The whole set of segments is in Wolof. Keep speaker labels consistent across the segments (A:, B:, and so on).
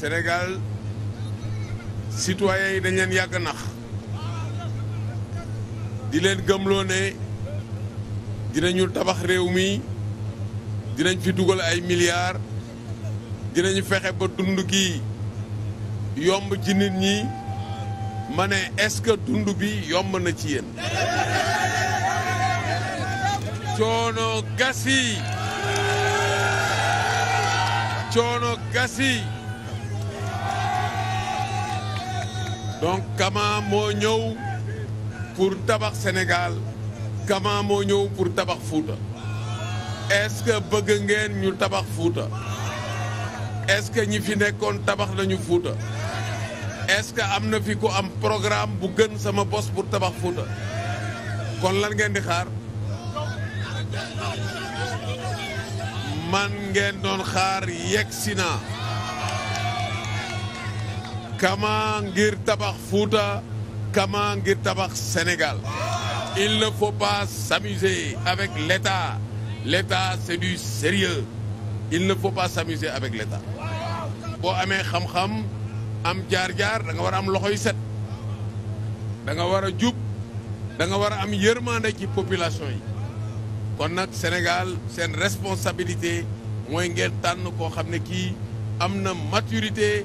A: Sénégal citoyens yi dañ leen yàgg nax di leen gëmloone dinañu tabax réew mi dinañ fi dugal ay milliards dinañu fexe ba dund gi yomb ci nit ñi ma ne est-ce que dund bi yomb na ci yéen coono gasi coono gasi donc Kama moo ñëw pour tabax senegal Kama moo ñëw pour tabax Fuuta est-ce bëgg ngeen ñu tabax Fuuta est-ce que ñi fi nekkoon tabax nañu Fuuta est-ce que am na fi ku am programme bu gën sama bos pour tabax Fuuta kon lan ngeen di xaar man ngeen doon xaar yegg si naa kama ngir tabax Fouta kama ngir tabax Sénégal il ne faut pas avec l'État l'État c'est du sérieux il ne faut pas avec l'État boo amee xam-xam am jaar-jaar da nga war a am loxo yi set da nga war a jub danga war a am yërmande ci population yi kon nag Sénégal seen responsabilité mooy ngeen tànn koo xam ne kii am na maturité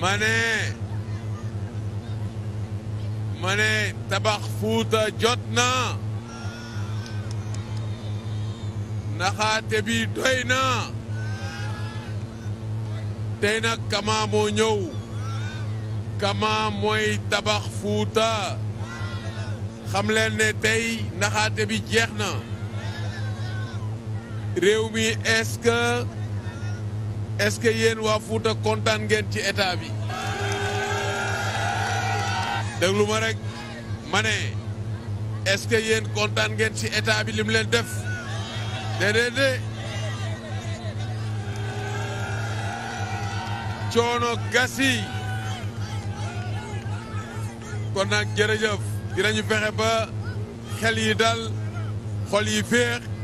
A: ma ne tabax fuuta jot na naxaate bi doy na tey nag kama moo ñëw kama mooy tabax fuuta xam leen ne tey naxaate bi jeex na réew mi est est-ce que yéen waa Fuuta kontaan ngeen ci état bi déglu ma rek ma ne est-ce que yéen kontaan ngeen ci état bi lim leen def déedéet coono gasi kon nag jërëjëf dinañu fexe ba xel yi dal xol yi féex